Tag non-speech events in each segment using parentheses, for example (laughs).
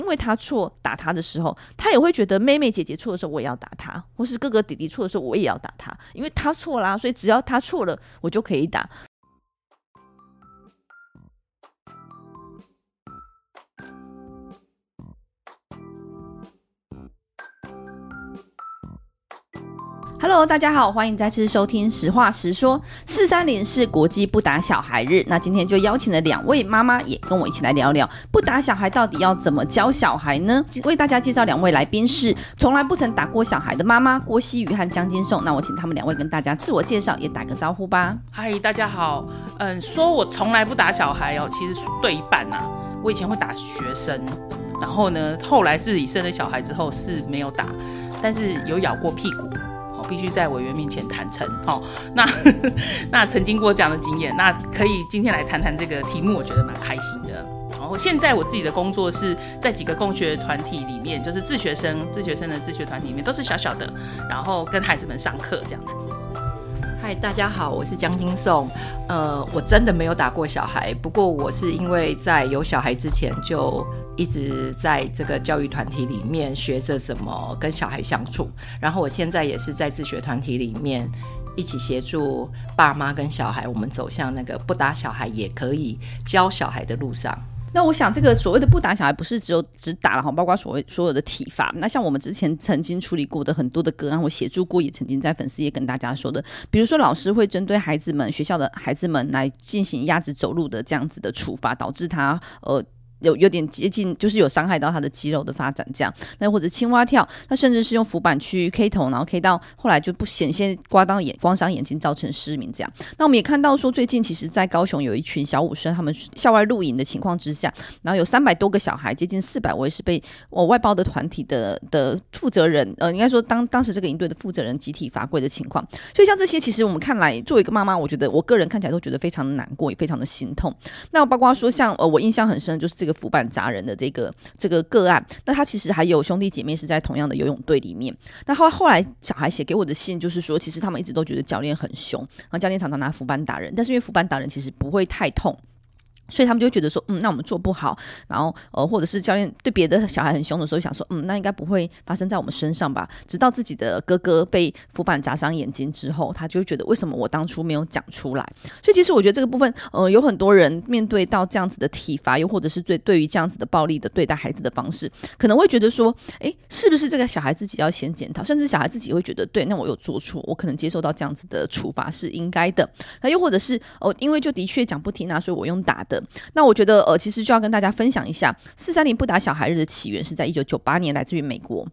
因為他錯打他的時候，他也會覺得妹妹姐姐錯的時候，我也要打他；或是哥哥弟弟錯的時候，我也要打他。因為他錯啦，所以只要他錯了，我就可以打。Hello，大家好，歡迎再次收聽《實話實說》。四三零是國際不打小孩日，那今天就邀請了兩位媽媽，也跟我一起來聊聊不打小孩到底要怎麼教小孩呢？為大家介紹兩位來賓是從來不曾打過小孩的媽媽郭希瑜和江菁頌。那我請他們兩位跟大家自我介紹，也打個招呼吧。嗨，大家好。嗯，說我從來不打小孩哦，其實對一半吶啊。我以前會打學生，然後呢，後來自己生了小孩之後是沒有打，但是有咬過屁股。必須在委員面前坦誠。哦，那那曾經過這樣的經驗，那可以今天來談談這個題目，我覺得蠻開心的。然後現在我自己的工作是在幾個共學團體裡面，就是自學生、自學生的自學團體裡面，都是小小的，然後跟孩子們上課這樣子。嗨，大家好，我是江菁頌。呃，我真的沒有打過小孩，不過我是因為在有小孩之前就一直在這個教育團體裡面學着怎麼跟小孩相處，然後我現在也是在自學團體裡面一起協助爸媽跟小孩，我們走向那個不打小孩也可以教小孩的路上。那我想，這個所謂的不打小孩，不是只有只打了哈，包括所謂所有的體罰。那像我們之前曾經處理過的很多的個案，我協助過，也曾經在粉絲也跟大家說的，比如說老師會針對孩子們、學校的孩子們來進行鴨子走路的這樣子的處罰，導致他呃。有有點接近，就是有傷害到他的肌肉的發展這樣。那或者青蛙跳，那甚至是用浮板去 K 頭，然後 K 到後來就不顯現，刮到眼，刮傷眼睛造成失明這樣。那我們也看到說，最近其實，在高雄有一群小五生，他們校外露營的情況之下，然後有三百多個小孩，接近四百位是被我外包的團體的的負責人，呃，應該說當當時這個營隊的負責人集體罰跪的情況。所以像這些，其實我們看來，作為一個媽媽，我覺得我個人看起來都覺得非常的難過，也非常的心痛。那包括說像呃，我印象很深的就是這個。浮板砸人的這個這個個案，那他其實還有兄弟姐妹是在同樣的游泳隊裡面。那後後來小孩寫給我的信就是說，其實他們一直都覺得教練很凶，然後教練常常拿浮板打人，但是因為浮板打人其實不會太痛。所以他們就覺得說，嗯，那我們做不好，然後呃，或者是教練對別的小孩很凶的時候，想說，嗯，那應該不會發生在我們身上吧？直到自己的哥哥被浮板砸傷眼睛之後，他就覺得，為什麼我當初沒有講出來？所以其實我覺得這個部分，呃，有很多人面對到這樣子的體罰，又或者是對對於這樣子的暴力的對待孩子的方式，可能會覺得說，哎，是不是這個小孩自己要先檢討？甚至小孩自己會覺得，對，那我有做錯，我可能接受到這樣子的處罰是應該的。那又或者是哦，呃，因為就的確講不聽啊，所以我用打的。那我覺得，呃，其實就要跟大家分享一下，四三零不打小孩日的起源是在一九九八年，來自於美國。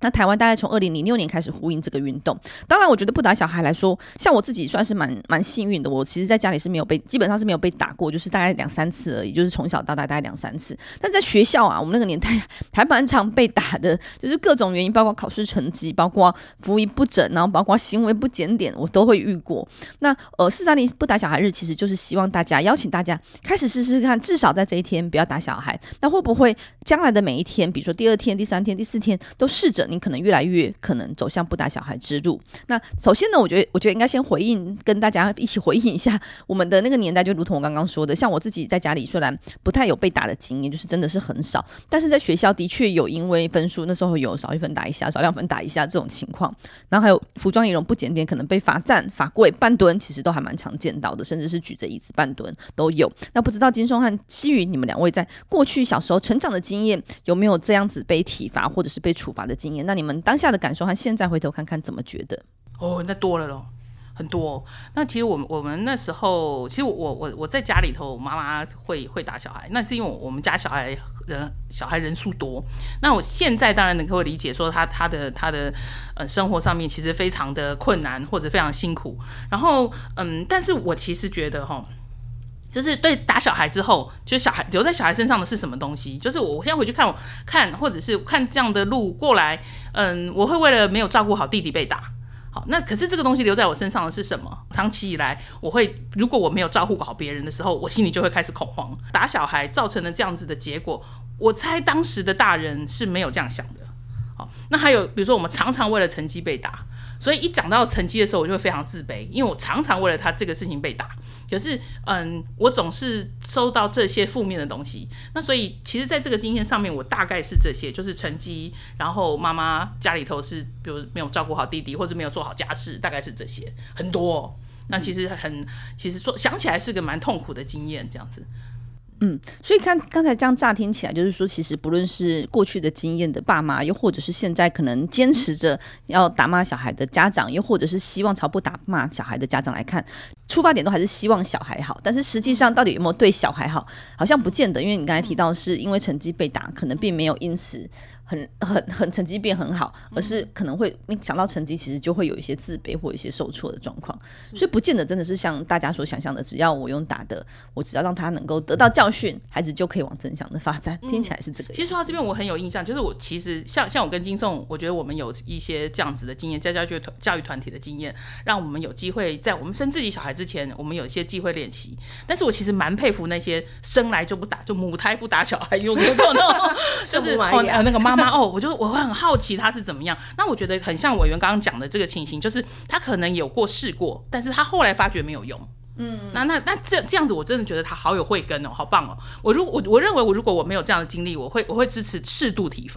那台灣大概從二零零六年開始呼應這個運動。當然，我覺得不打小孩來說，像我自己算是蠻蠻幸運的。我其實在家裡是沒有被，基本上是沒有被打過，就是大概兩三次而已。就是從小到大大概兩三次。但是在學校啊，我們那個年代還蠻常被打的，就是各種原因，包括考試成績，包括服儀不整，然後包括行為不檢點，我都會遇過。那呃，四三零不打小孩日其實就是希望大家邀請大家開始試試看，至少在這一天不要打小孩，那會不會將來的每一天，比如說第二天、第三天、第四天都試着。你可能越來越可能走向不打小孩之路。那首先呢，我覺得我覺得應該先回應，跟大家一起回應一下我們的那個年代，就如同我剛剛說的，像我自己在家裡雖然不太有被打的經驗，就是真的是很少，但是在學校的確有因為分數那時候有少一分打一下，少兩分打一下這種情況。然後還有服裝儀容不檢點，可能被罰站、罰跪、半蹲，其實都還蠻常見到的，甚至是舉着椅子半蹲都有。那不知道菁頌和希瑜你們兩位在過去小時候成長的經驗，有沒有這樣子被體罰或者是被處罰的經驗？那你們當下的感受和現在回頭看看怎麼覺得？哦，那多了咯。很多。那其實我們我們那時候，其實我我我在家裡頭，我媽媽會會打小孩，那是因為我們家小孩人小孩人數多。那我現在當然能夠理解，說他他的他的呃生活上面其實非常的困難或者非常辛苦。然後嗯，但是我其實覺得哈。就是對打小孩之後，就是小孩留在小孩身上的是什麼東西？就是我，我現在回去看，我看或者是看這樣的路過來，嗯，我會為了沒有照顧好弟弟被打，好，那可是這個東西留在我身上的是什麼？長期以來，我會如果我沒有照顧好別人的時候，我心裡就會開始恐慌。打小孩造成了這樣子的結果，我猜當時的大人是沒有這樣想的。好，那還有比如說我們常常為了成績被打，所以一講到成績的時候，我就會非常自卑，因為我常常為了他這個事情被打。可是，嗯，我總是收到這些負面的東西。那所以，其實，在這個經驗上面，我大概是這些，就是成績，然後媽媽家裡頭是，比如沒有照顧好弟弟，或是沒有做好家事，大概是這些，很多哦。那其實很，嗯、其實說想起來是個蠻痛苦的經驗，這樣子。嗯，所以看剛才這樣乍聽起來，就是說，其實不論是過去的經驗的爸媽，又或者是現在可能堅持着要打罵小孩的家長，又或者是希望朝不打罵小孩的家長來看，出發點都還是希望小孩好，但是實際上到底有沒有對小孩好，好像不見得，因為你剛才提到是因為成績被打，可能並沒有因此。很很很成績變很好，而是可能會想到成績，其實就會有一些自卑或一些受挫的狀況。是所以不見得真的是像大家所想象的，只要我用打的，我只要讓他能夠得到教訓，孩子就可以往正向的發展。嗯、聽起來是這個。其實說到這邊，我很有印象，就是我其實像像我跟菁頌，我覺得我們有一些這樣子的經驗，在教育團教育團體的經驗，讓我們有機會在我們生自己小孩之前，我們有一些機會練習。但是我其實蠻佩服那些生來就不打，就母胎不打小孩，用的。 (laughs) 就是哦那個媽，媽。 (laughs) 那哦，我就我會很好奇他是怎麼樣。那我覺得很像委員剛剛講的這個情形，就是他可能有過試過，但是他後來發覺沒有用。嗯，那那那這這樣子，我真的覺得他好有慧根哦，好棒哦。我如我我認為我如果我沒有這樣的經歷，我會我會支持適度體罰，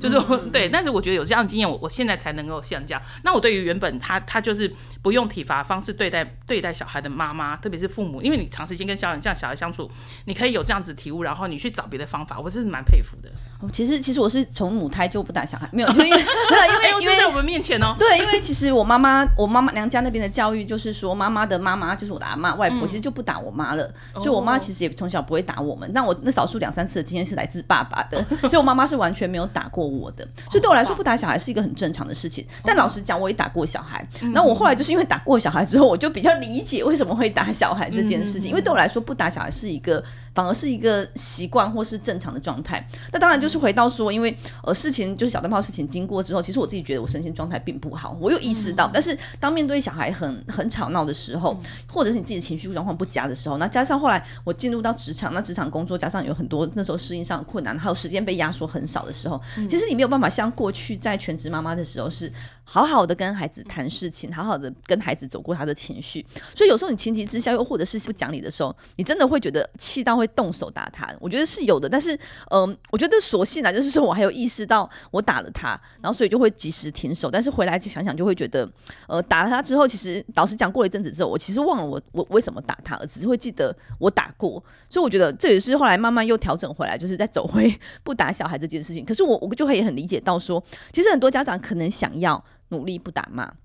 就是我、嗯、對。但是我覺得有這樣的經驗我，我我現在才能夠像這樣。那我對於原本他他就是。不用體罰方式對待對待小孩的媽媽，特別是父母，因為你長時間跟小這樣小孩相處，你可以有這樣子體悟，然後你去找別的方法，我是蠻佩服的。哦，其實其實我是從母胎就不打小孩，沒有就因為，為 (laughs) 因為 (laughs) 因為在我們面前哦，對，因為其實我媽媽我媽媽娘家那邊的教育就是說，媽媽的媽媽就是我的阿嬤外婆，其實就不打我媽了，嗯、所以我媽其實也從小不會打我們。那、哦、我那少數兩三次的經驗是來自爸爸的， (laughs) 所以我媽媽是完全沒有打過我的，哦、所以對我來說不打小孩是一個很正常的事情。好棒。但老實講，我也打過小孩，那、嗯、我後來就是。因為打過小孩之後，我就比較理解為什麼會打小孩這件事情。嗯、因為對我來說，不打小孩是一個，反而是一個習慣或是正常的狀態。那當然就是回到說，因為呃事情就是小燈泡事情經過之後，其實我自己覺得我身心狀態並不好。我有意識到，嗯、但是當面對小孩很很吵鬧的時候，或者是你自己的情緒狀況不佳的時候，那加上後來我進入到職場，那職場工作加上有很多那時候適應上的困難，還有時間被壓縮很少的時候，其實你沒有辦法像過去在全職媽媽的時候是。好好的跟孩子談事情，好好的跟孩子走過他的情緒，所以有時候你情急之下，又或者是不講理的時候，你真的會覺得氣到會動手打他。我覺得是有的，但是嗯、呃，我覺得所幸啊，就是說我還有意識到我打了他，然後所以就會及時停手。但是回來想想，就會覺得呃，打了他之後，其實老實講，過一陣子之後，我其實忘了我我為什麼打他，而只是會記得我打過。所以我覺得這也是後來慢慢又調整回來，就是在走回不打小孩這件事情。可是我我就會也很理解到說，其實很多家長可能想要。努力不打罵。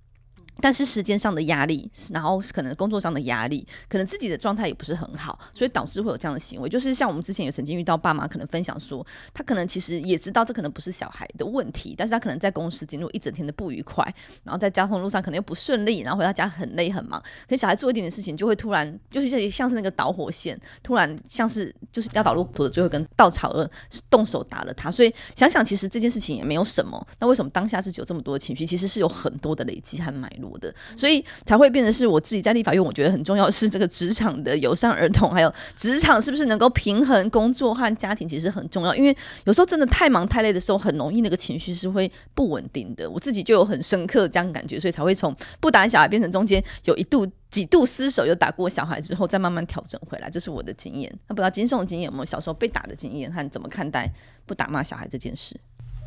但是時間上的壓力，然後可能工作上的壓力，可能自己的狀態也不是很好，所以導致會有這樣的行為。就是像我們之前也曾經遇到爸媽可能分享說，他可能其實也知道這可能不是小孩的問題，但是他可能在公司經歷一整天的不愉快，然後在交通路上可能又不順利，然後回到家很累很忙，可能小孩做一點點事情就會突然，就是這裡像是那個導火線，突然像是就是壓倒駱駝的最後一根稻草人，動手打了他。所以想想其實這件事情也沒有什麼，那為什麼當下自己有這麼多的情緒？其實是有很多的累積和埋，我的，所以才會變成是我自己在立法院，我覺得很重要的是這個職場的友善兒童，還有職場是不是能夠平衡工作和家庭，其實很重要。因為有時候真的太忙太累的時候，很容易那個情緒是會不穩定的。我自己就有很深刻這樣的感覺，所以才會從不打小孩變成中間有一度幾度失手，又打過小孩之後，再慢慢調整回來，這是我的經驗。那不知道菁頌的經驗，有沒有？小時候被打的經驗和怎麼看待不打罵小孩這件事。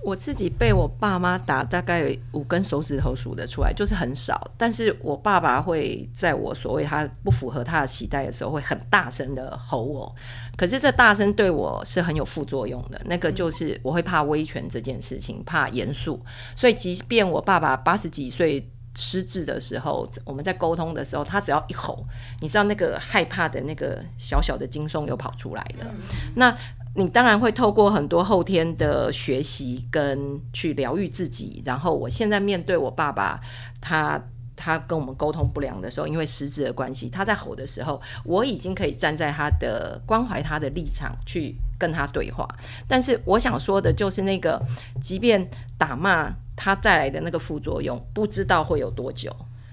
我自己被我爸媽打，大概五根手指頭數得出來，就是很少。但是我爸爸會在我所謂他不符合他的期待的時候，會很大聲的吼我。可是這大聲對我是很有副作用的，那個就是我會怕威權這件事情，怕嚴肅。所以即便我爸爸八十幾歲失智的時候，我們在溝通的時候，他只要一吼，你知道那個害怕的那個小小的驚悚又跑出來了。嗯、那。你當然會透過很多後天的學習跟去療癒自己，然後我現在面對我爸爸，他他跟我們溝通不良的時候，因為實質的關係，他在吼的時候，我已經可以站在他的關懷他的立場去跟他對話。但是我想說的就是，那個即便打罵他帶來的那個副作用，不知道會有多久。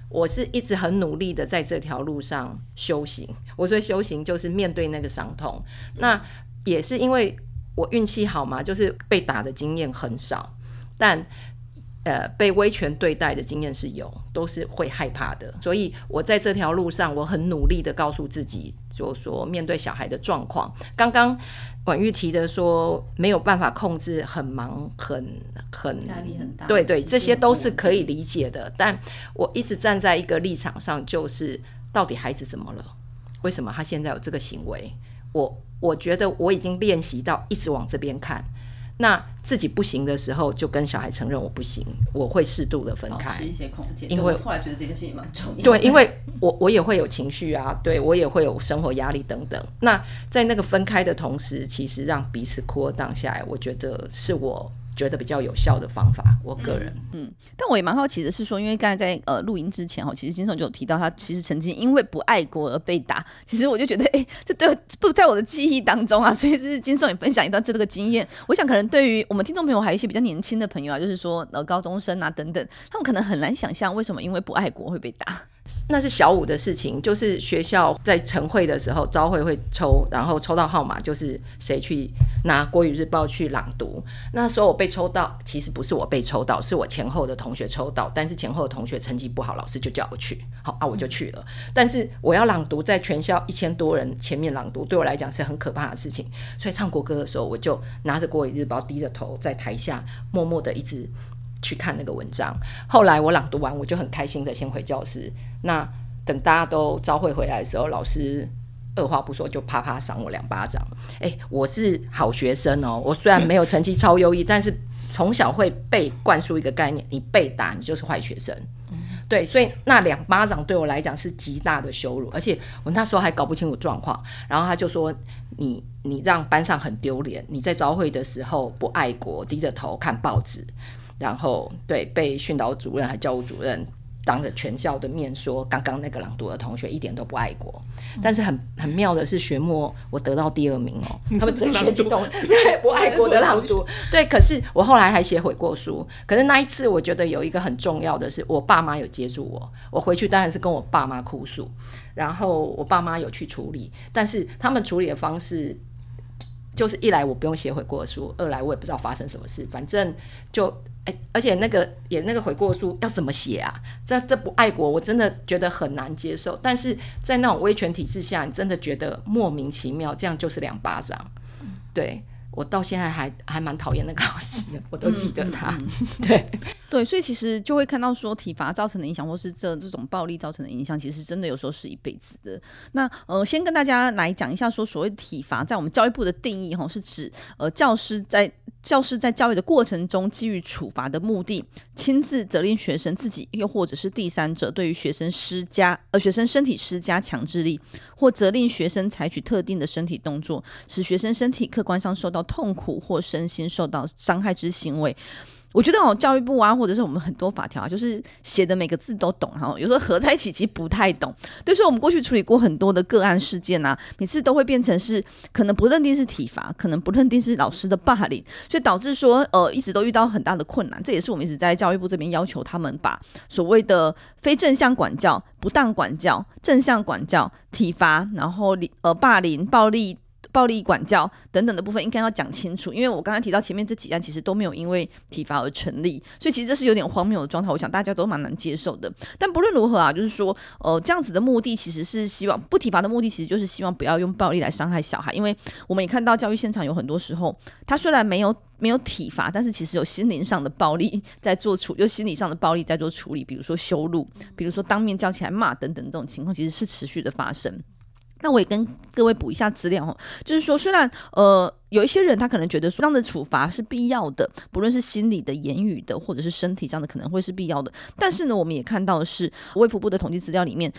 我是一直很努力的在這條路上修行。我說修行就是面對那個傷痛。那。也是因為我運氣好嘛，就是被打的經驗很少，但呃被威權對待的經驗是有，都是會害怕的。所以，我在這條路上，我很努力的告訴自己，就說面對小孩的狀況，剛剛婉諭提的說沒有辦法控制，很忙，很很壓力很大，對，對對，這些都是可以理解的。但我一直站在一個立場上，就是到底孩子怎麼了？為什麼他現在有這個行為？我我覺得我已經練習到一直往這邊看，那自己不行的時候，就跟小孩承認我不行，我會適度的分開一些空間，因為後來覺得這件事情蠻重要。對，對，因為我我也會有情緒啊，嗯、對我也會有生活壓力等等。那在那個分開的同時，其實讓彼此擴大下來，我覺得是我。覺得比較有效的方法，我個人，嗯，嗯，但我也蠻好奇的是說，因為剛才在呃錄音之前哦，其實菁頌就有提到他其實曾經因為不愛國而被打，其實我就覺得哎、欸，這都不在我的記憶當中啊，所以這是菁頌也分享一段這個經驗，我想可能對於我們聽眾朋友還有一些比較年輕的朋友啊，就是說呃高中生啊等等，他們可能很難想象為什麼因為不愛國會被打。那是小五的事情，就是學校在晨會的時候，朝會會抽，然後抽到號碼就是誰去拿國語日報去朗讀。那時候我被抽到，其實不是我被抽到，是我前後的同學抽到，但是前後的同學成績不好，老師就叫我去。好，啊，我就去了。嗯。但是我要朗讀在全校一千多人前面朗讀，對我來講是很可怕的事情。所以唱國歌的時候，我就拿着國語日報，低着頭在台下默默的一直。去看那個文章。後來我朗讀完，我就很開心的先回教室。那等大家都朝會回來的時候，老師二話不說就啪啪賞我兩巴掌。哎、欸，我是好學生哦。我雖然沒有成績超優異，嗯、但是從小會被灌輸一個概念：你被打，你就是壞學生。嗯，對。所以那兩巴掌對我來講是極大的羞辱，而且我那時候還搞不清楚狀況。然後他就說你：“你你讓班上很丟臉。你在朝會的時候不愛國，低着頭看報紙。”然後，對，被訓導主任和教務主任當着全校的面說，剛剛那個朗讀的同學一點都不愛國。嗯、但是很很妙的是，學末我得到第二名哦。他們真的激動，對不愛國的朗讀， (laughs) 對。可是我後來還寫悔過書。可是那一次，我覺得有一個很重要的是，我爸媽有接住我。我回去當然是跟我爸媽哭訴，然後我爸媽有去處理，但是他們處理的方式，就是一來我不用寫悔過書，二來我也不知道發生什麼事，反正就。欸、而且那個也那個悔過書要怎麼寫啊？這這不愛國，我真的覺得很難接受。但是在那種威權體制下，你真的覺得莫名其妙，這樣就是兩巴掌。對，我到現在還還蠻討厭那個老師的，我都記得他。嗯嗯嗯、對對，所以其實就會看到說，體罰造成的影響，或是這這種暴力造成的影響，其實真的有時候是一輩子的。那呃，先跟大家來講一下說，所謂體罰，在我們教育部的定義，吼，是指呃教師在。教師在教育的過程中，基於處罰的目的，親自責令學生自己，又或者是第三者對於學生施加，而學生身體施加強制力，或責令學生採取特定的身體動作，使學生身體客觀上受到痛苦或身心受到傷害之行為。我覺得哦，教育部啊，或者是我們很多法條啊，就是寫的每個字都懂哈。然後有時候合在一起其實不太懂，就是我們過去處理過很多的個案事件啊，每次都會變成是可能不認定是體罰，可能不認定是老師的霸凌，所以導致說呃一直都遇到很大的困難。這也是我們一直在教育部這邊要求他們把所謂的非正向管教、不當管教、正向管教、體罰，然後呃霸凌、暴力。暴力管教等等的部分應該要講清楚，因為我剛才提到前面這幾案其實都沒有因為體罰而成立，所以其實這是有點荒謬的狀態，我想大家都蠻難接受的。但不論如何啊，就是說，呃，這樣子的目的其實是希望不體罰的目的其實就是希望不要用暴力來傷害小孩，因為我們也看到教育現場有很多時候，他雖然沒有沒有體罰，但是其實有心靈上的暴力在做處，有心理上的暴力在做處理，比如說羞辱，比如說當面叫起來罵等等這種情況其實是持續的發生。那我也跟各位補一下資料哦，就是說，雖然呃，有一些人他可能覺得說這樣的處罰是必要的，不論是心理的、言語的，或者是身體上的，可能會是必要的。但是呢，我們也看到的是衛福部的統計資料裡面。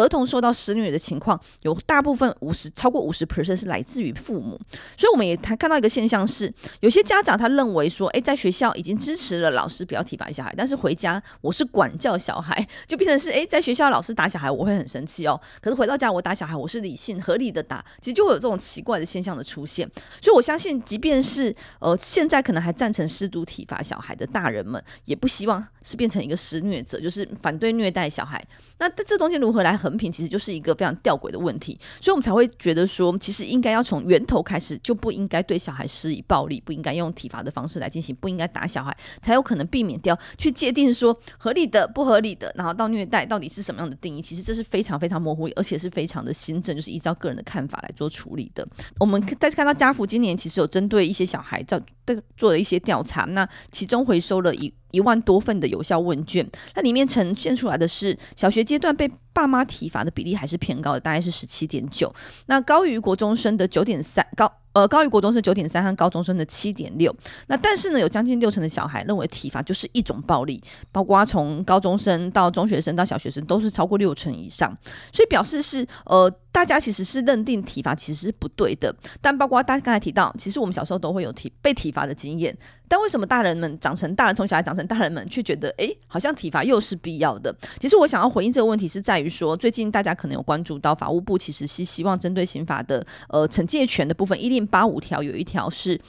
兒童受到施虐的情況，有大部分五十超過五十 percent 是來自於父母，所以我們也談看到一個現象是，有些家長他認為說，哎，在學校已經支持了老師不要體罰小孩，但是回家我是管教小孩，就變成是，哎，在學校老師打小孩，我會很生氣哦，可是回到家我打小孩，我是理性合理的打，其實就會有這種奇怪的現象的出現，所以我相信，即便是呃現在可能還贊成適度體罰小孩的大人們，也不希望是變成一個施虐者，就是反對虐待小孩。那這這中間如何來和？文憑其實就是一個非常吊詭的問題，所以我們才會覺得說，其實應該要從源頭開始，就不應該對小孩施以暴力，不應該用體罰的方式來進行，不應該打小孩，才有可能避免掉去界定說合理的、不合理的，然後到虐待到底是什麼樣的定義，其實這是非常非常模糊，而且是非常的心證，就是依照個人的看法來做處理的。我們再次看到家扶今年其實有針對一些小孩在做,做了一些調查，那其中回收了一。一萬多份的有效問卷，那裡面呈現出來的是小學階段被爸媽體罰的比例還是偏高的，大概是十七點九，那高於國中生的九點三高。呃，高於國中是九點三，和高中生的七點六。那但是呢，有將近六成的小孩認為體罰就是一種暴力，包括從高中生到中學生到小學生都是超過六成以上。所以表示是呃，大家其實是認定體罰其實是不對的。但包括大家剛才提到，其實我們小時候都會有體被體罰的經驗。但為什麼大人們長成大人，從小孩長成大人們，卻覺得哎、欸，好像體罰又是必要的？其實我想要回應這個問題是在於說，最近大家可能有關注到法務部，其實是希望針對刑法的呃懲戒權的部分，一定。八五條有一條是：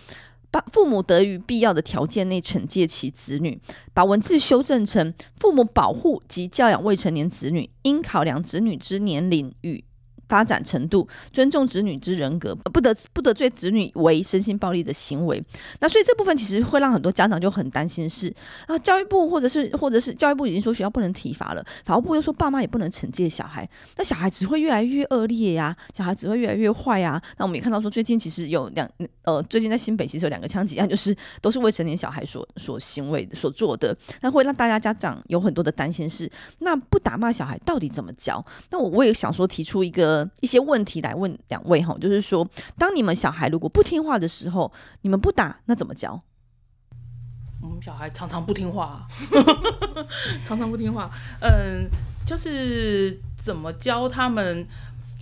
把父母得於必要的條件內懲戒其子女，把文字修正成父母保護及教養未成年子女，應考量子女之年齡與發展程度，尊重子女之人格，不得不得罪子女為身心暴力的行為。那所以這部分其實會讓很多家長就很擔心是，是、呃、啊，教育部或者是或者是教育部已經說學校不能體罰了，法務部又說爸媽也不能懲戒小孩，那小孩只會越來越惡劣呀、啊，小孩只會越來越壞呀、啊。那我們也看到說最近其實有兩呃，最近在新北其實有兩個槍擊案，就是都是未成年小孩所所行為所做的，那會讓大家家長有很多的擔心是，那不打罵小孩到底怎麼教？那我我也想說提出一個。一些問題來問兩位哈，就是說，當你們小孩如果不聽話的時候，你們不打，那怎麼教？我們、嗯、小孩常常不聽話， (laughs) 常常不聽話。嗯，就是怎麼教他們？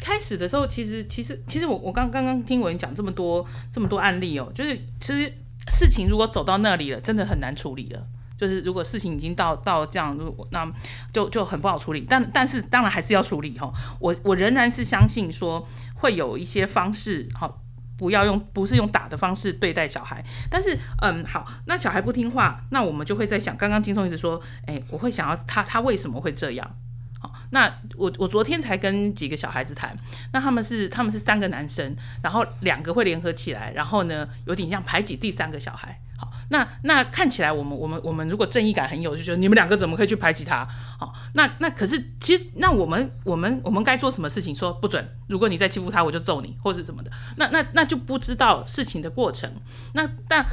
開始的時候，其實其實其實我我剛剛剛聽婉諭講這麼多這麼多案例哦、喔，就是其實事情如果走到那裡了，真的很難處理了。就是如果事情已經到到這樣，那就就很不好處理。但但是當然還是要處理哈、哦。我我仍然是相信說會有一些方式哈、哦，不要用不是用打的方式對待小孩。但是嗯，好，那小孩不聽話，那我們就會在想，剛剛菁頌一直說，哎，我會想要他他為什麼會這樣？好、哦，那我我昨天才跟幾個小孩子談，那他們是他們是三個男生，然後兩個會聯合起來，然後呢有點像排擠第三個小孩。那那看起來我們我們我們如果正義感很有，就覺得你們兩個怎麼可以去排擠他？好、哦，那那可是其實那我們我們我們該做什麼事情？說不准，如果你再欺負他，我就揍你或者是什麼的。那那那就不知道事情的過程。那但。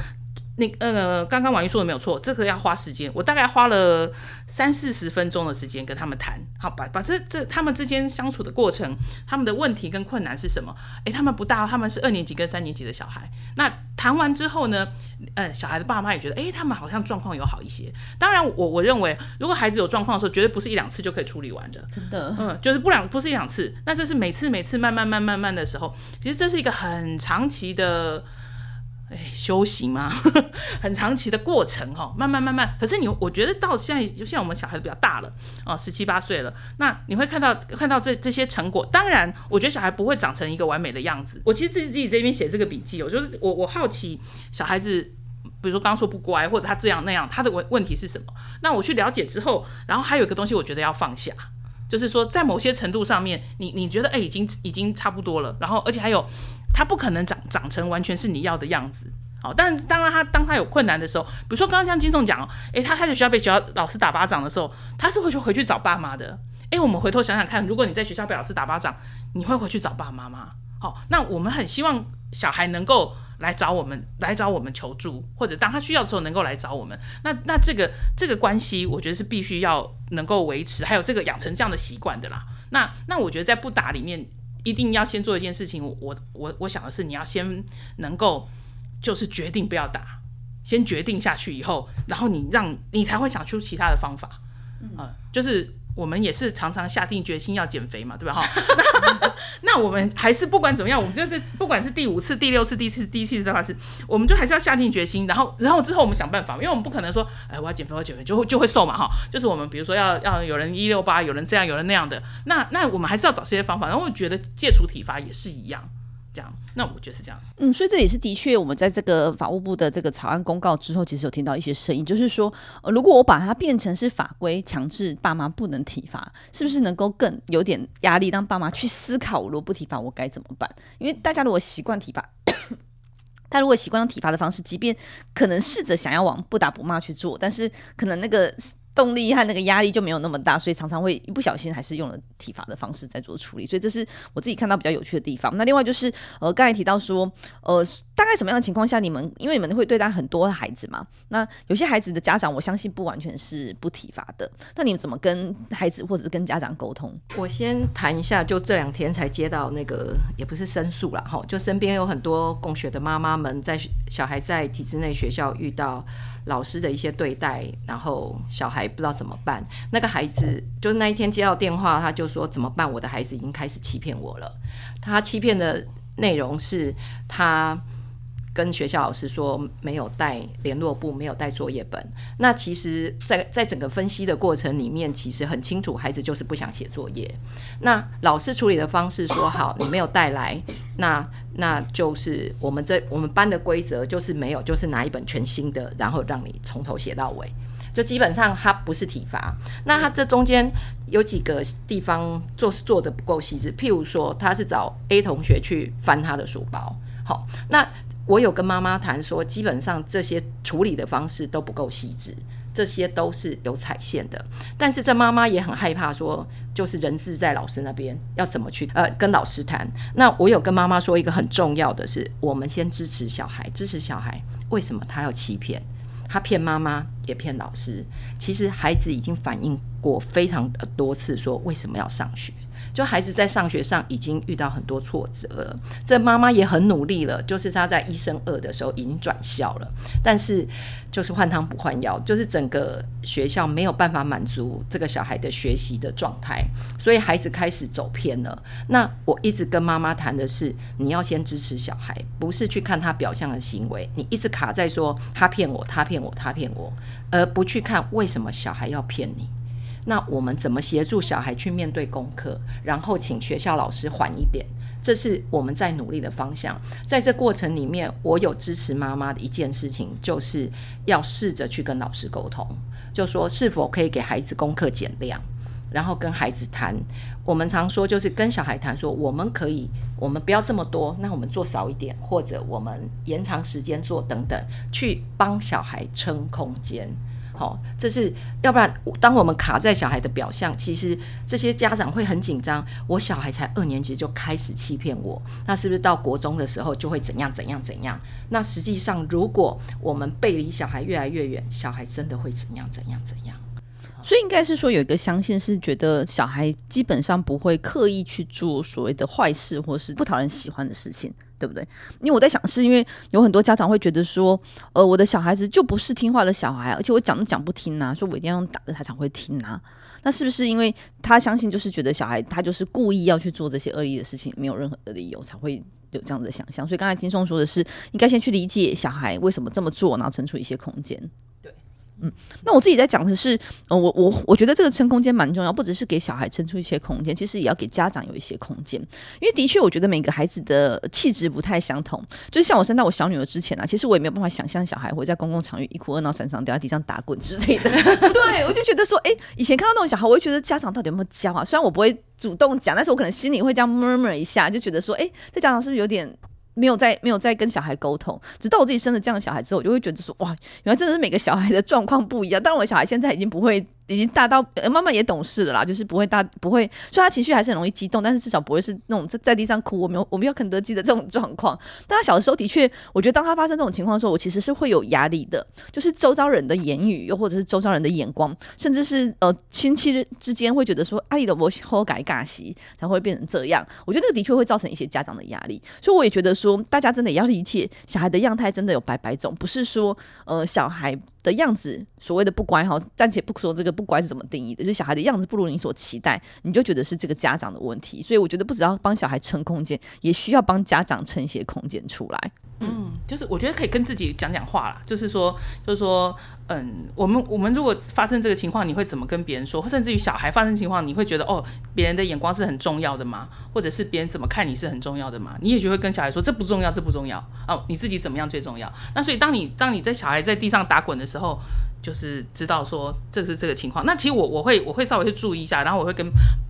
那呃，剛剛婉諭說的沒有錯，這個要花時間。我大概花了三四十分鐘的時間跟他們談，好把把這這他們之間相處的過程，他們的問題跟困難是什麼？哎，他們不大，他們是二年級跟三年級的小孩。那談完之後呢，呃，小孩的爸媽也覺得，哎，他們好像狀況有好一些。當然我，我我認為，如果孩子有狀況的時候，絕對不是一兩次就可以處理完的。真的，嗯，就是不兩不是一兩次，那這是每次每次慢，慢慢慢慢慢的時候，其實這是一個很長期的。哎，修行嘛呵呵，很長期的過程哈、喔，慢慢慢慢。可是你，我覺得到現在，就像我們小孩比較大了哦，十七八歲了，那你會看到看到這這些成果。當然，我覺得小孩不會長成一個完美的樣子。我其實自己自己這邊寫這個筆記、喔，我就是我我好奇小孩子，比如說剛剛說不乖或者他這樣那樣，他的問問題是什麼？那我去了解之後，然後還有一個東西，我覺得要放下，就是說在某些程度上面，你你覺得哎、欸，已經已經差不多了，然後而且還有。他不可能長長成完全是你要的樣子，好、哦，但當然他當他有困難的時候，比如說剛剛像菁頌講誒，他他在學校被學校老師打巴掌的時候，他是會去回去找爸媽的。誒，我們回頭想想看，如果你在學校被老師打巴掌，你會回去找爸媽嗎？好、哦，那我們很希望小孩能夠來找我們，來找我們求助，或者當他需要的時候能夠來找我們。那那這個這個關係，我覺得是必須要能夠維持，還有這個養成這樣的習慣的啦。那那我覺得在不打裡面。一定要先做一件事情，我我我，我想的是，你要先能夠就是決定不要打，先決定下去以後，然後你讓你才會想出其他的方法，嗯、呃，就是。我們也是常常下定決心要減肥嘛，對吧？哈，那我們還是不管怎麼樣，我們就是不管是第五次、第六次、第四次、第七次的話是，我們就還是要下定決心，然後，然後之後我們想辦法，因為我們不可能說，哎，我要減肥，我要減肥就會就會瘦嘛，哈，就是我們比如說要要有人一六八，有人這樣，有人那樣的，那那我們還是要找這些方法，然後我覺得戒除體罰也是一樣。這樣，那我覺得是這樣。嗯，所以這也是的確，我們在這個法務部的這個草案公告之後，其實有聽到一些聲音，就是說，呃，如果我把它變成是法規強制爸媽不能體罰，是不是能夠更有點壓力，讓爸媽去思考，我如果不體罰，我該怎麼辦？因為大家如果習慣體罰， (coughs) 他如果習慣用體罰的方式，即便可能試着想要往不打不罵去做，但是可能那個。動力和那個壓力就沒有那麼大，所以常常會一不小心還是用了體罰的方式在做處理，所以這是我自己看到比較有趣的地方。那另外就是，呃，剛才提到說，呃，大概什麼樣的情況下，你們因為你們會對待很多孩子嘛？那有些孩子的家長，我相信不完全是不體罰的。那你們怎麼跟孩子或者是跟家長溝通？我先談一下，就這兩天才接到那個，也不是申訴了哈，就身邊有很多共學的媽媽們在，在小孩在體制內學校遇到，老師的一些對待，然後小孩不知道怎麼辦。那個孩子就那一天接到電話，他就說：“怎麼辦？我的孩子已經開始欺騙我了。他”他欺騙的內容是他。跟學校老師說，沒有帶聯絡簿，沒有帶作業本。那其實在，在在整個分析的過程裡面，其實很清楚，孩子就是不想寫作業。那老師處理的方式說：“好，你沒有帶來，那那就是我們這我們班的規則，就是沒有，就是拿一本全新的，然後讓你從頭寫到尾。就基本上他不是體罰。那他這中間有幾個地方做做得不夠細緻，譬如說，他是找 A 同學去翻他的書包，好，那。我有跟媽媽談說，基本上這些處理的方式都不夠細緻，這些都是有踩線的。但是這媽媽也很害怕，說就是人質在老師那邊，要怎麼去呃跟老師談？那我有跟媽媽說一個很重要的是，我們先支持小孩，支持小孩。為什麼他要欺騙？他騙媽媽也騙老師。其實孩子已經反映過非常多次，說為什麼要上學？就孩子在上學上已經遇到很多挫折了，這媽媽也很努力了，就是她在一升二的時候已經轉校了，但是就是換湯不換藥，就是整個學校沒有辦法滿足這個小孩的學習的狀態，所以孩子開始走偏了。那我一直跟媽媽談的是，你要先支持小孩，不是去看他表象的行為，你一直卡在說他騙我，他騙我，他騙我，而不去看為什麼小孩要騙你。那我們怎麼協助小孩去面對功課，然後請學校老師緩一點，這是我們在努力的方向。在這過程裡面，我有支持媽媽的一件事情，就是要試着去跟老師溝通，就說是否可以給孩子功課減量，然後跟孩子談。我們常說就是跟小孩談說，我們可以，我們不要這麼多，那我們做少一點，或者我們延長時間做等等，去幫小孩撐空間。好，這是要不然，當我們卡在小孩的表象，其實這些家長會很緊張。我小孩才二年級就開始欺騙我，那是不是到國中的時候就會怎樣怎樣怎樣？那實際上，如果我們背離小孩越來越遠，小孩真的會怎樣怎樣怎樣。所以應該是說，有一個相信是覺得小孩基本上不會刻意去做所謂的壞事或是不討人喜歡的事情，對不對？因為我在想，是因為有很多家長會覺得說，呃，我的小孩子就不是聽話的小孩，而且我講都講不聽啊，所以我一定要用打的他才會聽啊。那是不是因為他相信就是覺得小孩他就是故意要去做這些惡意的事情，沒有任何的理由才會有這樣子的想象？所以剛才菁頌說的是，應該先去理解小孩為什麼這麼做，然後騰出一些空間。嗯，那我自己在講的是，呃，我我我覺得這個撐空間蠻重要，不只是給小孩撐出一些空間，其實也要給家長有一些空間，因為的確我覺得每個孩子的氣質不太相同，就像我生到我小女兒之前啊，其實我也沒有辦法想象小孩會在公共場域一哭二鬧三上吊在地上打滾之類的。 (laughs) 對，我就覺得說，誒、欸，以前看到那種小孩，我會覺得家長到底有沒有教啊？雖然我不會主動講，但是我可能心裡會這樣 murmur 一下，就覺得說，誒、欸，這家長是不是有點？沒有再沒有再跟小孩溝通，直到我自己生了這樣的小孩之後，我就會覺得說：哇，原來真的是每個小孩的狀況不一樣。當然，我的小孩現在已經不會。已經大到，欸、媽媽也懂事了啦，就是不會大不會，雖然他情緒還是很容易激動，但是至少不會是那種在在地上哭，我沒有，我沒有肯德基的這種狀況。但他小的時候的確，我覺得當他發生這種情況的時候，我其實是會有壓力的，就是周遭人的言語，又或者是周遭人的眼光，甚至是呃親戚之間會覺得說，阿李有沒有改尬西才會變成這樣。我覺得這的確會造成一些家長的壓力，所以我也覺得說，大家真的也要理解小孩的樣態，真的有百百種，不是說呃小孩。的樣子，所謂的不乖哈，暫且不說這個不乖是怎麼定義的，就是小孩的樣子不如你所期待，你就覺得是這個家長的問題。所以我覺得，不只要幫小孩撐空間，也需要幫家長撐一些空間出來。嗯，就是我覺得可以跟自己講講話啦，就是說，就是說，嗯，我們我們如果發生這個情況，你會怎麼跟別人說？甚至於小孩發生情況，你會覺得哦，別人的眼光是很重要的嗎？或者是別人怎麼看你是很重要的嗎？你也許會跟小孩說，這不重要，這不重要哦，你自己怎麼樣最重要。那所以當，當你當你在小孩在地上打滾的時候。就是知道說這是這個情況，那其實我我會我會稍微去注意一下，然後我會跟，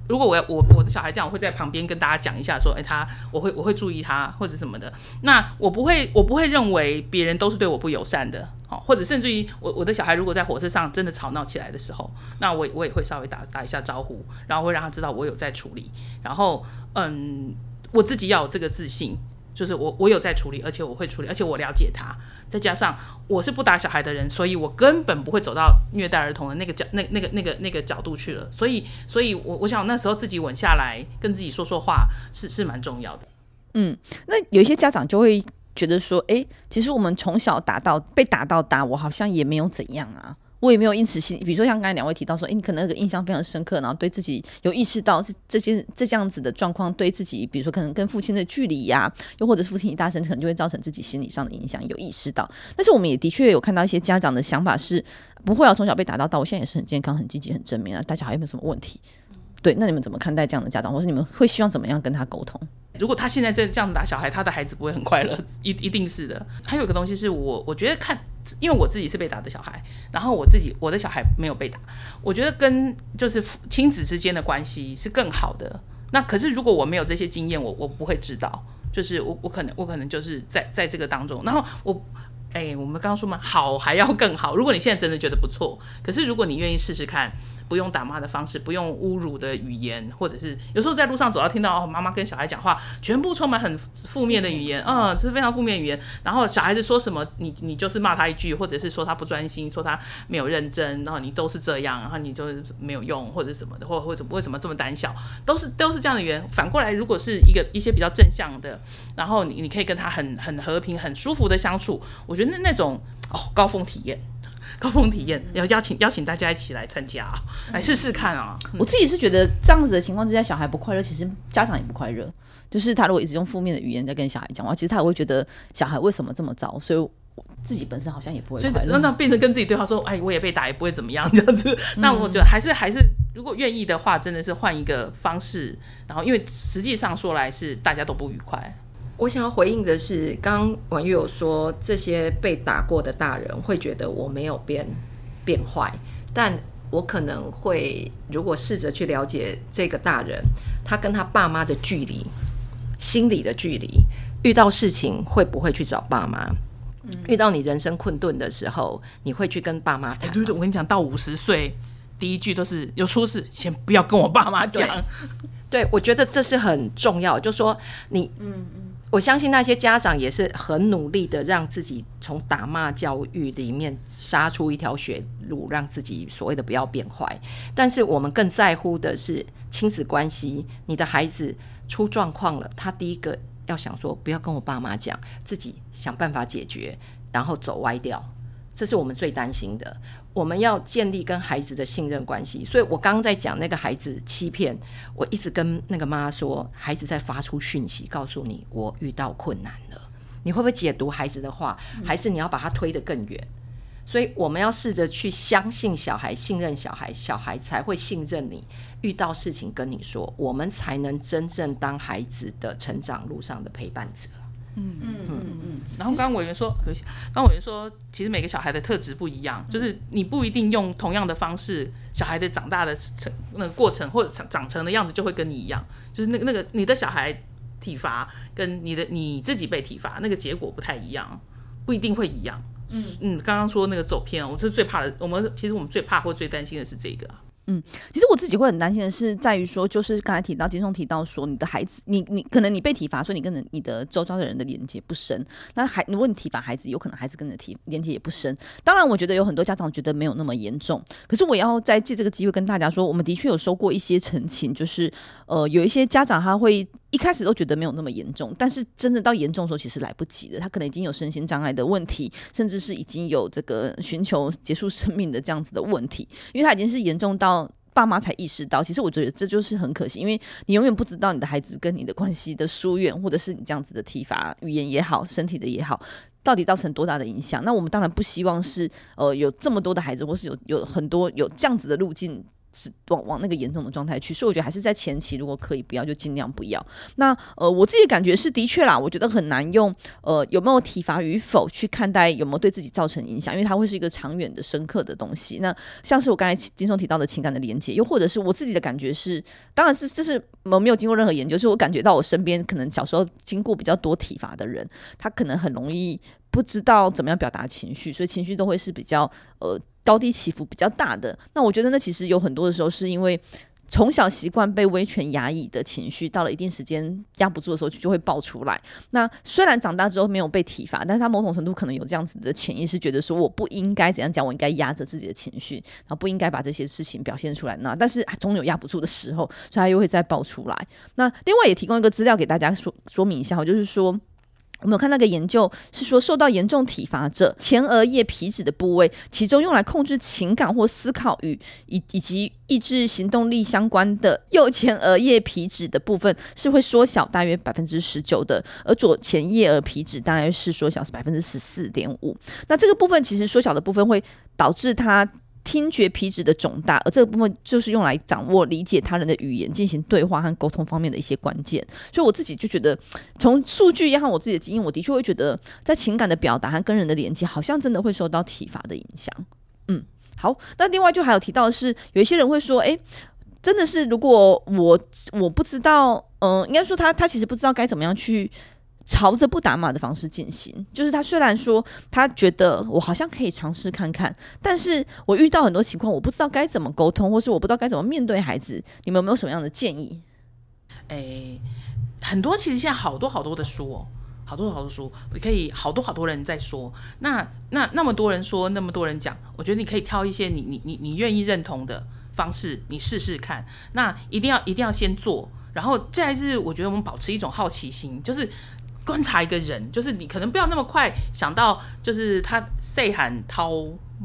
如果我要我我的小孩這樣，我會在旁邊跟大家講一下說，哎，他我會我會注意他或者什麼的。那我不會我不會認為別人都是對我不友善的，哦，或者甚至於我我的小孩如果在火車上真的吵鬧起來的時候，那我也我也會稍微打打一下招呼，然後會讓他知道我有在處理。然後嗯，我自己要有這個自信。就是我，我有在處理，而且我會處理，而且我了解他。再加上我是不打小孩的人，所以我根本不會走到虐待兒童的那個角、那那個、那個、那個角度去了。所以，所以我，我想我想那時候自己穩下來，跟自己說說話，是是蠻重要的。嗯，那有一些家長就會覺得說，哎、欸，其實我們從小打到被打到大，我好像也沒有怎樣啊。我也沒有因此心，比如說像剛才兩位提到說，哎，你可能那個印象非常深刻，然後對自己有意識到這這些這這樣子的狀況，對自己，比如說可能跟父親的距離呀，、啊，又或者父親一大聲，可能就會造成自己心理上的影響，有意識到。但是我們也的確有看到一些家長的想法是，不會啊，從小被打到大，到我現在也是很健康、很積極、很正面啊，帶小孩有沒有什麼問題。對，那你們怎麼看待這樣的家長？或者你們會希望怎麼樣跟他溝通？如果他現在在這樣打小孩，他的孩子不會很快樂，一一定是的。還有一個東西是我，我覺得看，因為我自己是被打的小孩，然後我自己我的小孩沒有被打，我覺得跟就是親子之間的關係是更好的。那可是如果我沒有這些經驗，我我不會知道。就是我我可能我可能就是在在這個當中，然後我哎、欸，我們剛剛說嘛，好還要更好。如果你現在真的覺得不錯，可是如果你願意試試看。不用打罵的方式，不用侮辱的語言，或者是有時候在路上總要聽到哦，媽媽跟小孩講話，全部充滿很負面的語言，嗯，這是非常負面語言。然後小孩子說什麼，你你就是罵他一句，或者是說他不專心，說他沒有認真，然後你都是這樣，然後你就沒有用，或者什麼的，或或者為什麼這麼膽小，都是都是這樣的語言。反過來，如果是一個一些比較正向的，然後你你可以跟他很很和平、很舒服的相處，我覺得那，那種哦，高峰體驗。高峰體驗，要邀請邀請大家一起來參加，來試試看啊、哦嗯！我自己是覺得這樣子的情況之下，小孩不快樂，其實家長也不快樂。就是他如果一直用負面的語言在跟小孩講話，其實他也會覺得小孩為什麼這麼糟，所以我自己本身好像也不會快樂。所以讓他變成跟自己對話說：“哎，我也被打，也不會怎麼樣。”這樣子，那我覺得還是還是，如果願意的話，真的是換一個方式。然後，因為實際上說來是大家都不愉快。我想要回應的是，剛剛婉諭有說這些被打過的大人會覺得我沒有變變壞，但我可能會如果試着去了解這個大人，他跟他爸媽的距離，心理的距離，遇到事情會不會去找爸媽？嗯、遇到你人生困頓的時候，你會去跟爸媽談？對、欸、對，我跟你講，到五十歲，第一句都是有出事先不要跟我爸媽講。對。對，我覺得這是很重要，就是說你，嗯。我相信那些家長也是很努力的，讓自己從打罵教育裡面殺出一條血路，讓自己所謂的不要變壞。但是我們更在乎的是親子關係，你的孩子出狀況了，他第一個要想說不要跟我爸媽講，自己想辦法解決，然後走歪掉，這是我們最擔心的。我們要建立跟孩子的信任關係，所以我剛剛在講那個孩子欺騙，我一直跟那個媽說，孩子在發出訊息，告訴你我遇到困難了，你會不會解讀孩子的話，還是你要把他推得更遠？嗯。所以我們要試着去相信小孩，信任小孩，小孩才會信任你，遇到事情跟你說，我們才能真正當孩子的成長路上的陪伴者。嗯嗯嗯嗯，嗯嗯嗯然後剛剛委員說，就是、剛，剛委員說，其實每個小孩的特質不一樣，就是你不一定用同樣的方式，小孩的長大的成那個過程或者長長成的樣子就會跟你一樣，就是那個那個你的小孩體罰跟你的你自己被體罰那個結果不太一樣，不一定會一樣。嗯嗯，剛剛說那個走偏，我是最怕的。我們其實我們最怕或最擔心的是這個。嗯，其實我自己會很擔心的是，在於說，就是剛才提到，菁頌提到說，你的孩子，你你可能你被體罰，所以你跟你的周遭的人的連接不深。那孩如果你體罰孩子，有可能孩子跟你的體連接也不深。當然，我覺得有很多家長覺得沒有那麼嚴重，可是我要再借這個機會跟大家說，我們的確有收過一些陳情，就是呃，有一些家長他會。一開始都覺得沒有那麼嚴重，但是真的到嚴重的時候，其實來不及的。他可能已經有身心障礙的問題，甚至是已經有這個尋求結束生命的這樣子的問題，因為他已經是嚴重到爸媽才意識到。其實我覺得這就是很可惜，因為你永遠不知道你的孩子跟你的關係的疏遠，或者是你這樣子的體罰、語言也好、身體的也好，到底造成多大的影響。那我們當然不希望是呃有這麼多的孩子，或是有有很多有這樣子的路徑。往往那個嚴重的狀態去，所以我覺得還是在前期，如果可以不要就盡量不要。那呃，我自己感覺是的確啦，我覺得很難用呃有沒有體罰與否去看待有沒有對自己造成影響，因為它會是一個長遠的深刻的東西。那像是我剛才菁頌提到的情感的連接，又或者是我自己的感覺是，當然是這是沒有經過任何研究，是我感覺到我身邊可能小時候經過比較多體罰的人，他可能很容易。不知道怎麼樣表達情緒，所以情緒都會是比較呃高低起伏比較大的。那我覺得，那其實有很多的時候，是因為從小習慣被威權壓抑的情緒，到了一定時間壓不住的時候，就會爆出來。那雖然長大之後沒有被體罰，但是他某種程度可能有這樣子的潛意識，是覺得說我不應該怎樣講，我應該壓着自己的情緒，然後不應該把這些事情表現出來那。那但是啊，總有壓不住的時候，所以他又會再爆出來。那另外也提供一個資料給大家說說明一下，就是說。我們有看那個研究是說，受到嚴重體罰者前額葉皮質的部位，其中用來控制情感或思考與以以及抑制行動力相關的右前額葉皮質的部分是會縮小大約百分之十九的，而左前葉額皮質大約是縮小是百分之十四點五。那這個部分其實縮小的部分會導致它。聽覺皮質的腫大，而這個部分就是用來掌握、理解他人的語言、進行對話和溝通方面的一些關鍵。所以我自己就覺得，從數據也好，我自己的經驗，我的確會覺得，在情感的表達和跟人的連接，好像真的會受到體罰的影響。嗯，好，那另外就還有提到的是，有一些人會說，誒、欸，真的是如果我我不知道，嗯、呃，應該說他他其實不知道該怎麼樣去。朝着不打罵的方式進行，就是他雖然說他覺得我好像可以嘗試看看，但是我遇到很多情況，我不知道該怎麼溝通，或是我不知道該怎麼面對孩子。你們有沒有什麼樣的建議？誒、欸，很多其實現在好多好多的書，好多好多書，你可以好多好多人在說，那那那麼多人說，那麼多人講，我覺得你可以挑一些你你你你願意認同的方式，你試試看。那一定要一定要先做，然後再是我覺得我們保持一種好奇心，就是。觀察一個人，就是你可能不要那麼快想到，就是他歲喊掏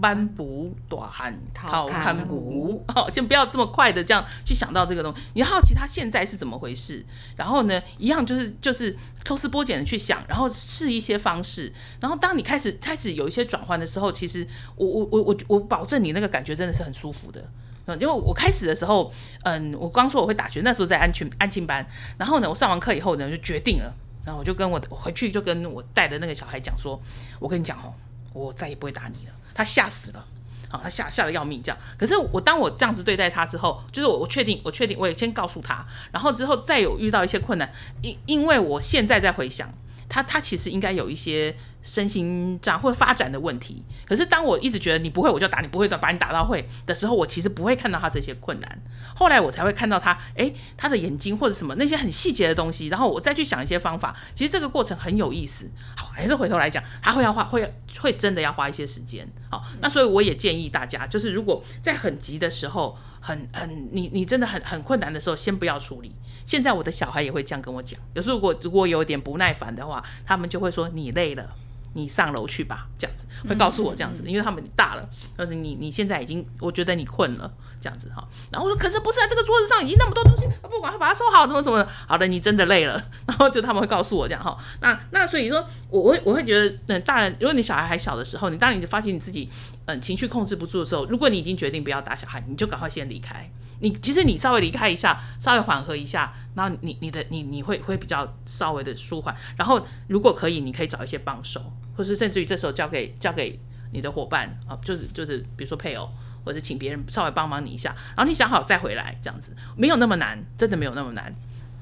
班不短喊掏堪不哦， (noise) 先不要這麼快的這樣去想到這個東西。你好奇他現在是怎麼回事？然後呢，一樣就是就是抽絲剝繭的去想，然後試一些方式。然後當你開始開始有一些轉換的時候，其實我我我我我保證你那個感覺真的是很舒服的。嗯，因為我，我開始的時候，嗯，我剛說我會打拳，那時候在安親安親班。然後呢，我上完課以後呢，就決定了。然後我就跟我，我回去就跟我帶的那個小孩講說，我跟你講哦，我再也不會打你了。他嚇死了，好、啊，他嚇嚇得要命這樣。可是我當我這樣子對待他之後，就是我我確定我確定，我也先告訴他，然後之後再有遇到一些困難，因因為我現在在回想，他他其實應該有一些身心障礙或發展的問題，可是當我一直覺得你不會，我就打你不會的，把你打到會的時候，我其實不會看到他這些困難。後來我才會看到他，哎，他的眼睛或者什麼那些很細節的東西，然後我再去想一些方法。其實這個過程很有意思。好，還是回頭來講，他會要花，會會真的要花一些時間。好，那所以我也建議大家，就是如果在很急的時候。很很，你你真的很很困難的時候，先不要處理。現在我的小孩也會這樣跟我講，有時候如果如果有點不耐煩的話，他們就會說，你累了。你上樓去吧。這樣子會告訴我這樣子，嗯嗯、因為他們大了，或、就、者、是、你你現在已經我覺得你困了，這樣子哈。然後我說可是不是啊，這個桌子上已經那麼多東西，不管他把它收好怎麼怎麼的。好的，你真的累了，然後就他們會告訴我這樣哈。那那所以說，我我我會覺得，嗯，大人，如果你小孩還小的時候，你當你發現你自己嗯情緒控制不住的時候，如果你已經決定不要打小孩，你就趕快先離開。你其實你稍微離開一下，稍微緩和一下，然後你你的你你會會比較稍微的舒緩。然後如果可以，你可以找一些幫手。或是甚至於這時候交給交給你的夥伴啊，就是就是比如說配偶，或者請別人稍微幫忙你一下，然後你想好再回來這樣子，沒有那麼難，真的沒有那麼難。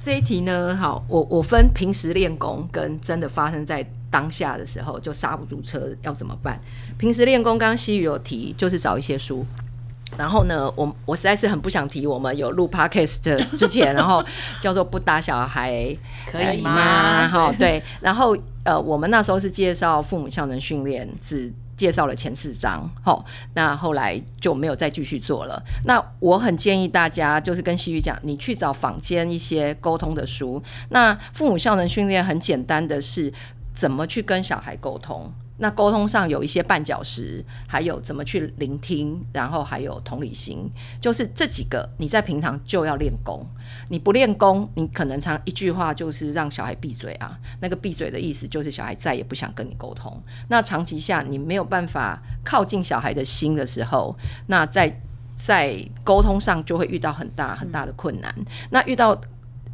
這一題呢，好，我我分平時練功跟真的發生在當下的時候就剎不住車要怎麼辦？平時練功，剛剛希瑜有提，就是找一些書。然後呢，我我實在是很不想提我們有錄 podcast 之前。 (laughs) 然後叫做不打小孩，可以嗎？哈、呃，對。然後呃，我們那時候是介紹父母效能訓練，只介紹了前四章，哈、哦。那後來就沒有再繼續做了。那我很建議大家，就是跟希瑜講，你去找坊間一些溝通的書。那父母效能訓練很簡單的是怎麼去跟小孩溝通。那溝通上有一些絆腳石，還有怎麼去聆聽，然後還有同理心，就是這幾個你在平常就要練功。你不練功，你可能常一句話就是讓小孩閉嘴啊。那個閉嘴的意思就是小孩再也不想跟你溝通。那長期下，你沒有辦法靠近小孩的心的時候，那在在溝通上就會遇到很大很大的困難。嗯、那遇到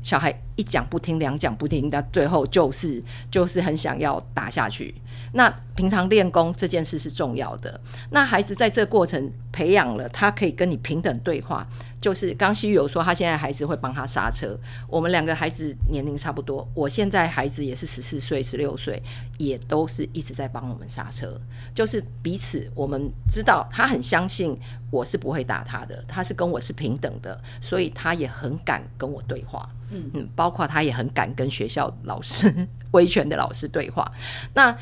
小孩一講不聽，兩講不聽，那最後就是就是很想要打下去。那平常練功這件事是重要的。那孩子在這過程培養了，他可以跟你平等對話。就是剛希瑜有說，他現在孩子會幫他剎車。我們兩個孩子年齡差不多，我現在孩子也是十四歲、十六歲，也都是一直在幫我們剎車。就是彼此我們知道，他很相信我是不會打他的，他是跟我是平等的，所以他也很敢跟我對話。嗯嗯，包括他也很敢跟學校老師、維 (laughs) 權的老師對話。那。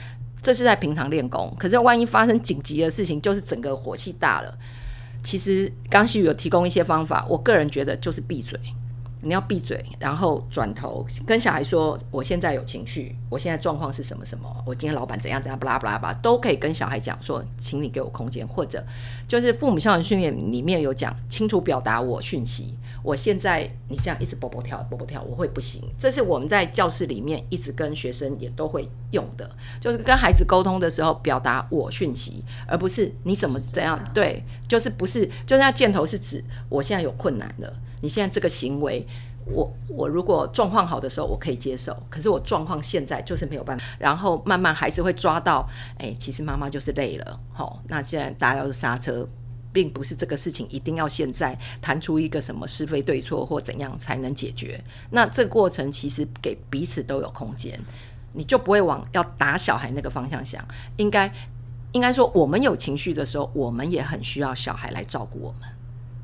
這是在平常練功，可是萬一發生緊急的事情，就是整個火氣大了。其實剛希瑜有提供一些方法，我個人覺得就是閉嘴，你要閉嘴，然後轉頭跟小孩說：“我現在有情緒，我現在狀況是什麼什麼，我今天老板怎樣怎樣，不拉不拉吧，都可以跟小孩講說，請你給我空間，或者就是父母效能訓練裡面有講清楚表達我訊息。”我現在你這樣一直蹦蹦跳蹦蹦跳，我會不行。這是我們在教室裡面一直跟學生也都會用的，就是跟孩子溝通的時候表達我訊息，而不是你怎麼這樣。這樣啊、對，就是不是，就是那箭頭是指我現在有困難了。你現在這個行為，我我如果狀況好的時候我可以接受，可是我狀況現在就是沒有辦法。然後慢慢孩子會抓到，哎、欸，其實媽媽就是累了。好，那現在大家都是剎車。並不是這個事情一定要現在談出一個什麼是非對錯或怎樣才能解決。那這個過程其實給彼此都有空間，你就不會往要打小孩那個方向想。應該應該說，我們有情緒的時候，我們也很需要小孩來照顧我們。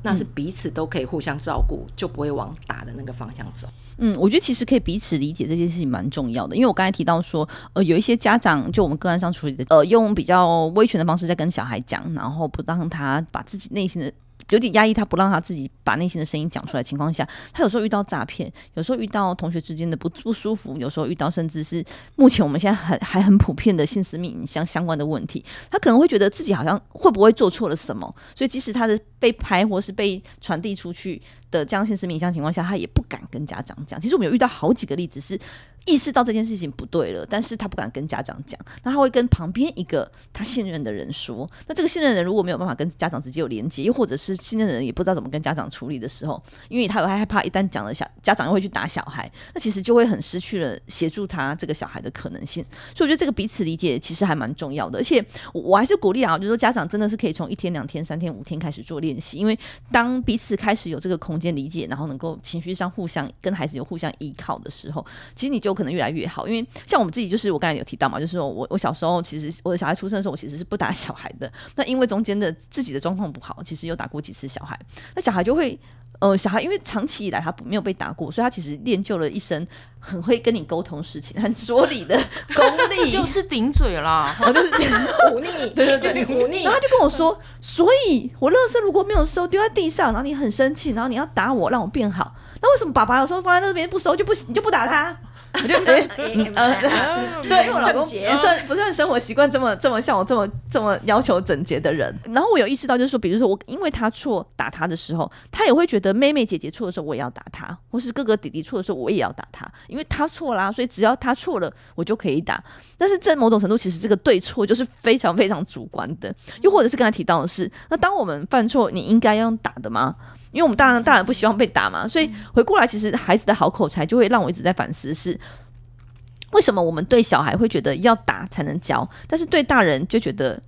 那是彼此都可以互相照顧，就不會往打的那個方向走。嗯，我覺得其實可以彼此理解這件事情蠻重要的，因為我剛才提到說，呃，有一些家長就我們個案上處理的，呃，用比較威權的方式在跟小孩講，然後不讓他把自己內心的有點壓抑，他不讓他自己把內心的聲音講出來的情況下，他有時候遇到詐騙，有時候遇到同學之間的不不舒服，有時候遇到甚至是目前我們現在很還很普遍的性私密影像相、相關的問題，他可能會覺得自己好像會不會做錯了什麼，所以即使他的。被拍或是被傳遞出去的這樣一些私密影像情況下，他也不敢跟家長講。其實我們有遇到好幾個例子，是意識到這件事情不對了，但是他不敢跟家長講。那他會跟旁邊一個他信任的人說。那這個信任的人如果沒有辦法跟家長直接有連接，又或者是信任的人也不知道怎麼跟家長處理的時候，因為他有害怕，一旦講了小家長又會去打小孩，那其實就會很失去了協助他這個小孩的可能性。所以我覺得這個彼此理解其實還蠻重要的，而且我還是鼓勵啊，就是說家長真的是可以從一天、兩天、三天、五天開始做練習。因為當彼此開始有這個空間理解，然後能夠情緒上互相跟孩子有互相依靠的時候，其實你就可能越來越好。因為像我們自己，就是我剛才有提到嘛，就是說我我小時候其實我的小孩出生的時候，我其實是不打小孩的。那因為中間的自己的狀況不好，其實有打過幾次小孩，那小孩就會。呃，小孩因為長期以來他沒有被打過，所以他其實練就了一身很會跟你溝通事情、很說理的功力， (laughs) 就是頂嘴啦， (laughs) 哦、就是忤逆， (laughs) 膩對對對，忤逆膩。然後他就跟我說， (laughs) 所以我垃圾如果沒有收，丟在地上，然後你很生氣，然後你要打我，讓我變好。那為什麼爸爸有時候放在那邊不收就不，你就不打他？我就對，呃，對，因為我老公 (laughs) 算 (laughs) 不算生活習慣這麼這麼像我這麼這麼要求整潔的人？ (laughs) 然後我有意識到，就是說，比如說我因為他錯打他的時候，他也會覺得妹妹姐姐錯的時候我也要打他，或是哥哥弟弟錯的時候我也要打他，因為他錯啦，所以只要他錯了我就可以打。但是在某種程度，其實這個對錯就是非常非常主觀的。又或者是剛才提到的是，那當我們犯錯，你應該要用打的嗎？因為我們當然當然不希望被打嘛，所以回過來，其實孩子的好口才就會讓我一直在反思是。為什麼我們對小孩會覺得要打才能教，但是對大人就覺得。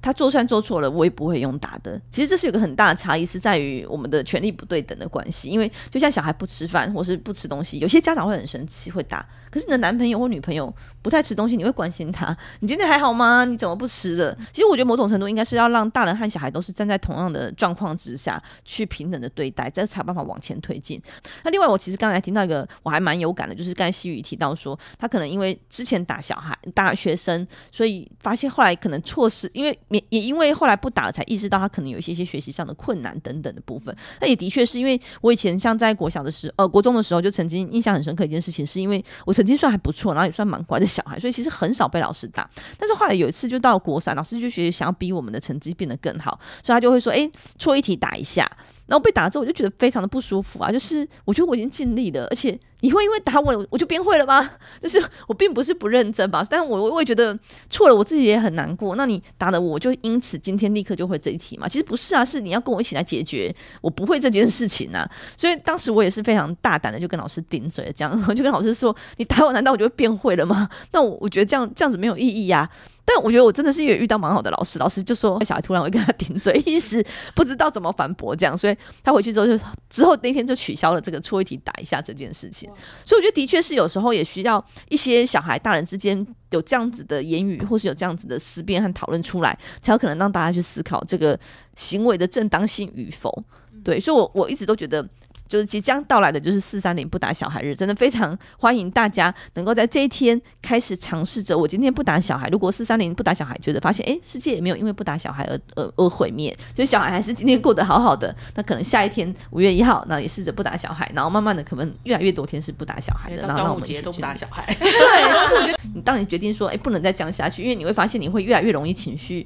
他做錯做錯了，我也不會用打的。其實這是有個很大的差異，是在於我們的權力不對等的關係。因為就像小孩不吃飯或是不吃東西，有些家長會很生氣，會打。可是你的男朋友或女朋友不太吃東西，你會關心他，你今天還好嗎？你怎麼不吃了？其實我覺得某種程度應該是要讓大人和小孩都是站在同樣的狀況之下去平等的對待，這才有辦法往前推進。那另外，我其實剛才聽到一個我還蠻有感的，就是剛才希瑜提到說，他可能因為之前打小孩、打學生，所以發現後來可能錯失，因為。也也因為後來不打了，才意識到他可能有一些些學習上的困難等等的部分。那也的確是因為我以前像在國小的時候，呃國中的時候，就曾經印象很深刻一件事情，是因為我曾經算還不錯，然後也算蠻乖的小孩，所以其實很少被老師打。但是後來有一次，就到國三，老師就學想要逼我們的成績變得更好，所以他就會說：“誒、欸，錯一題打一下。”然後被打之後，我就覺得非常的不舒服啊！就是我覺得我已經盡力了，而且你會因為打我，我就變會了嗎？就是我並不是不認真吧，但我我也覺得錯了，我自己也很難過。那你打的我，就因此今天立刻就會這一題嘛？其實不是啊，是你要跟我一起來解決我不會這件事情啊！所以當時我也是非常大膽的，就跟老師頂嘴了，這樣我就跟老師說：“你打我，難道我就會變會了嗎？”那我我覺得這樣這樣子沒有意義呀。但我覺得我真的是因為遇到蠻好的老師，老師就說小孩突然會跟他頂嘴，一時不知道怎麼反駁，這樣，所以他回去之後就之後那天就取消了這個錯一題打一下這件事情。所以我覺得的確是有時候也需要一些小孩大人之間有這樣子的言語，或是有這樣子的思辨和討論出來，才有可能讓大家去思考這個行為的正當性與否。對，所以我，我我一直都覺得。就是即將到來的，就是四三零不打小孩日，真的非常歡迎大家能夠在這一天開始嘗試着。我今天不打小孩，如果四三零不打小孩，覺得發現，誒，世界也沒有因為不打小孩而、而、而毀滅，所以小孩還是今天過得好好的。那可能下一天五月一號，那也試着不打小孩，然後慢慢的，可能越來越多天是不打小孩的。對然後我們節都不打小孩。 (laughs) 對，其實我覺得你，當你決定說，誒，不能再這樣下去，因為你會發現你會越來越容易情緒。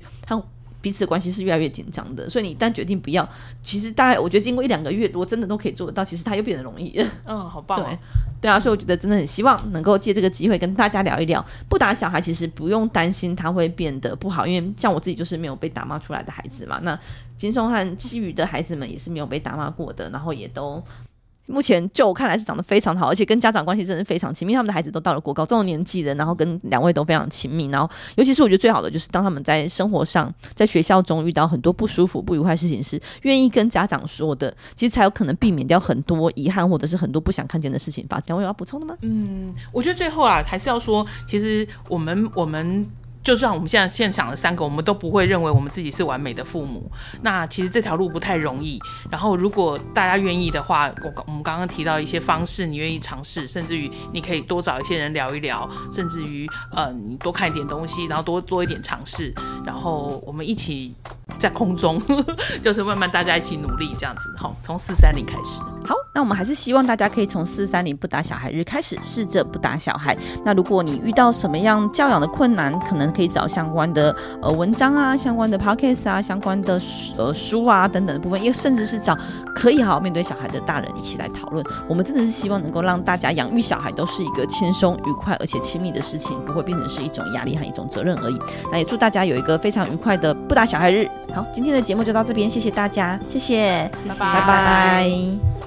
彼此關係是越來越緊張的，所以你一旦決定不要，其實大概我覺得經過一兩個月，我真的都可以做得到。其實他又變得容易，嗯、哦，好棒，哦，對，對啊，所以我覺得真的很希望能夠借這個機會跟大家聊一聊，不打小孩，其實不用擔心他會變得不好，因為像我自己就是沒有被打罵出來的孩子嘛。那菁頌和希瑜的孩子們也是沒有被打罵過的，然後也都，目前就我看來是長得非常好，而且跟家長關係真的是非常親密。他們的孩子都到了國高這種年紀的，然後跟兩位都非常親密，然後尤其是我覺得最好的就是當他們在生活上、在學校中遇到很多不舒服、不愉快的事情時，願意跟家長說的，其實才有可能避免掉很多遺憾或者是很多不想看見的事情發生。兩位有要補充的嗎？嗯，我覺得最後啊，還是要說，其實我們我們。就算我們現在現場的三個，我們都不會認為我們自己是完美的父母。那其實這條路不太容易。然後，如果大家願意的話，我我們剛剛提到一些方式，你願意嘗試，甚至於你可以多找一些人聊一聊，甚至於嗯，呃，你多看一點東西，然後多多一點嘗試。然後我們一起在空中，呵呵就是慢慢大家一起努力這樣子。好，從四三零開始。好，那我們還是希望大家可以從四三零不打小孩日開始試着不打小孩。那如果你遇到什麼樣教養的困難，可能。可以找相關的呃文章啊、相關的 podcast 啊、相關的呃書啊等等的部分，也甚至是找可以好好面對小孩的大人一起來討論。我們真的是希望能夠讓大家養育小孩都是一個輕鬆愉快而且親密的事情，不會變成是一種壓力和一種責任而已。那也祝大家有一個非常愉快的不打小孩日。好，今天的節目就到這邊，謝謝大家，謝謝，謝謝，拜拜。拜拜。